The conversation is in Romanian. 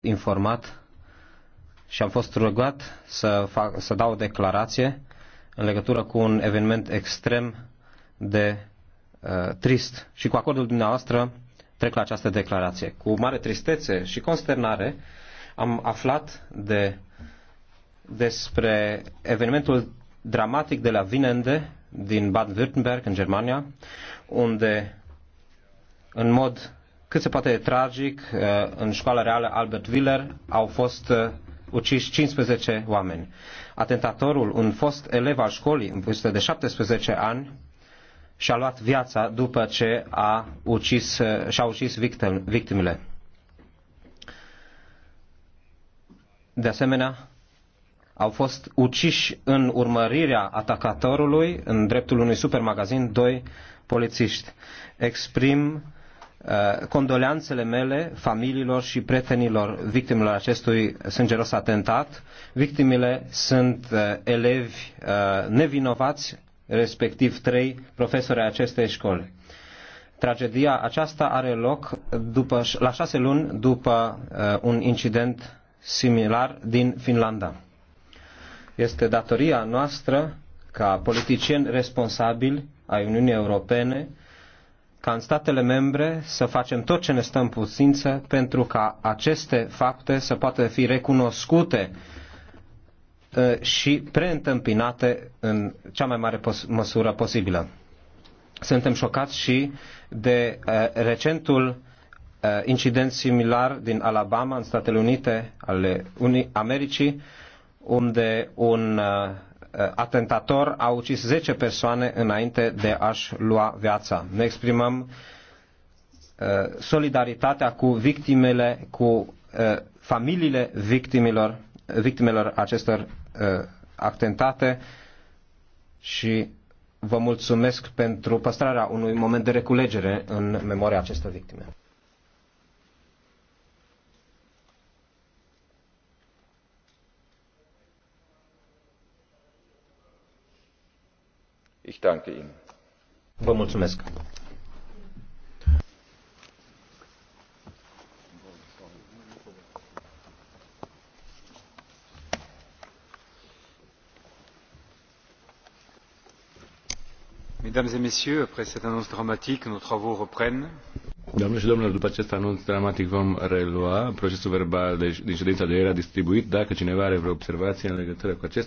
informat și am fost rugat să, fac, să dau o declarație în legătură cu un eveniment extrem de uh, trist. Și cu acordul dumneavoastră trec la această declarație. Cu mare tristețe și consternare am aflat de, despre evenimentul dramatic de la Vinende din Baden-Württemberg, în Germania, unde în mod cât se poate de tragic, uh, în școala reală Albert Willer au fost uh, uciși 15 oameni. Atentatorul, un fost elev al școlii în vârstă de 17 ani, și-a luat viața după ce a ucis, uh, și-a ucis victim, victimele. De asemenea, au fost uciși în urmărirea atacatorului, în dreptul unui supermagazin, doi polițiști. Exprim Uh, condoleanțele mele familiilor și prietenilor victimelor acestui sângeros atentat. Victimele sunt uh, elevi uh, nevinovați, respectiv trei profesori ai acestei școli. Tragedia aceasta are loc după, la șase luni după uh, un incident similar din Finlanda. Este datoria noastră ca politicieni responsabili ai Uniunii Europene ca în statele membre să facem tot ce ne stă în putință pentru ca aceste fapte să poată fi recunoscute uh, și preîntâmpinate în cea mai mare pos- măsură posibilă. Suntem șocați și de uh, recentul uh, incident similar din Alabama, în Statele Unite ale Unii Americii, unde un uh, Uh, atentator a ucis 10 persoane înainte de a-și lua viața. Ne exprimăm uh, solidaritatea cu victimele, cu uh, familiile victimilor, victimelor acestor atentate și vă mulțumesc pentru păstrarea unui moment de reculegere în memoria acestor victime. Ich danke Ihnen. Vă mulțumesc. Mesdames et Messieurs, après cette annonce dramatique, nos travaux reprennent. Doamne și domnilor, după acest anunț dramatic vom relua procesul verbal de, din ședința de ieri a distribuit. Dacă cineva are vreo observație în legătură cu acesta,